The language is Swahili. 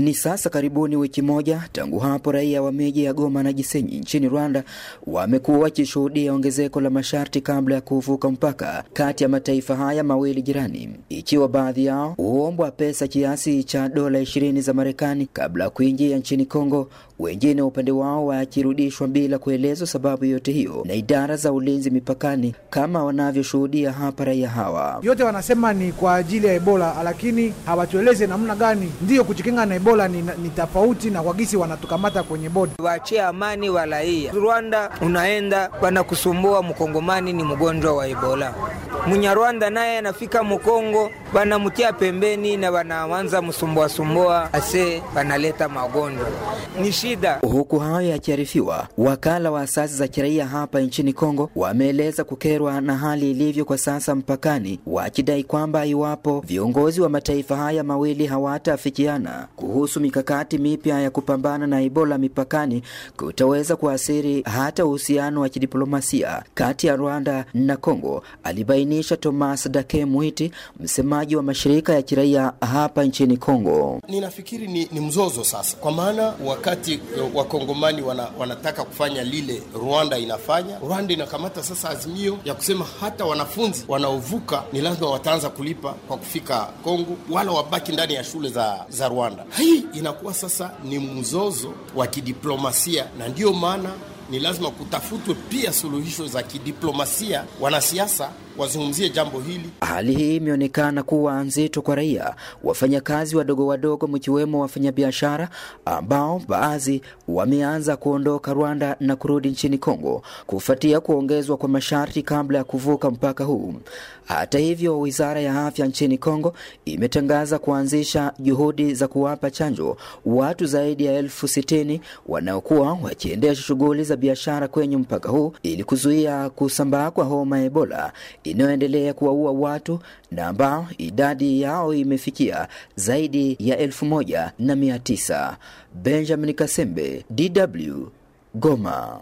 Ni sasa karibuni wiki moja tangu hapo raia wa miji ya Goma na Gisenyi nchini Rwanda wamekuwa wakishuhudia ongezeko la masharti kabla ya kuvuka mpaka kati ya mataifa haya mawili jirani, ikiwa baadhi yao huombwa pesa kiasi cha dola ishirini za Marekani kabla ya kuingia nchini Kongo wengine upande wao wakirudishwa bila kuelezwa sababu yote hiyo na idara za ulinzi mipakani, kama wanavyoshuhudia hapa raia hawa. Yote wanasema ni kwa ajili ya Ebola, lakini hawatueleze namna gani ndiyo kujikinga na Ebola ni, ni tofauti na gisi wanatukamata kwenye bodi. Waachie amani wa raia. Rwanda unaenda wanakusumbua, mkongomani ni mgonjwa wa Ebola, Munyarwanda naye anafika Mkongo wanamtia pembeni na wanaanza sumbua ase wanaleta magonjwa, ni shida. Huku hayo yakiarifiwa, wakala wa asasi za kiraia hapa nchini Kongo wameeleza kukerwa na hali ilivyo kwa sasa mpakani, wakidai kwamba iwapo viongozi wa mataifa haya mawili hawataafikiana kuhusu mikakati mipya ya kupambana na Ebola mipakani, kutaweza kuathiri hata uhusiano wa kidiplomasia kati ya Rwanda na Kongo, alibainisha Thomas Dake mwiti msema msemaji wa mashirika ya kiraia hapa nchini Kongo. Ninafikiri ni, ni mzozo sasa, kwa maana wakati wakongomani wana, wanataka kufanya lile Rwanda inafanya, Rwanda inakamata sasa azimio ya kusema hata wanafunzi wanaovuka ni lazima wataanza kulipa kwa kufika Kongo, wala wabaki ndani ya shule za, za Rwanda. Hii inakuwa sasa ni mzozo wa kidiplomasia, na ndiyo maana ni lazima kutafutwe pia suluhisho za kidiplomasia, wanasiasa wazungumzie jambo hili. Hali hii imeonekana kuwa nzito kwa raia, wafanyakazi wadogo wadogo, mkiwemo wafanyabiashara ambao baadhi wameanza kuondoka Rwanda na kurudi nchini Kongo kufuatia kuongezwa kwa masharti kabla ya kuvuka mpaka huu. Hata hivyo, wizara ya afya nchini Kongo imetangaza kuanzisha juhudi za kuwapa chanjo watu zaidi ya elfu sitini wanaokuwa wakiendesha shughuli za biashara kwenye mpaka huu ili kuzuia kusambaa kwa homa ya Ebola inayoendelea kuwaua watu na ambao idadi yao imefikia zaidi ya elfu moja na mia tisa. Benjamin Kasembe, DW, Goma.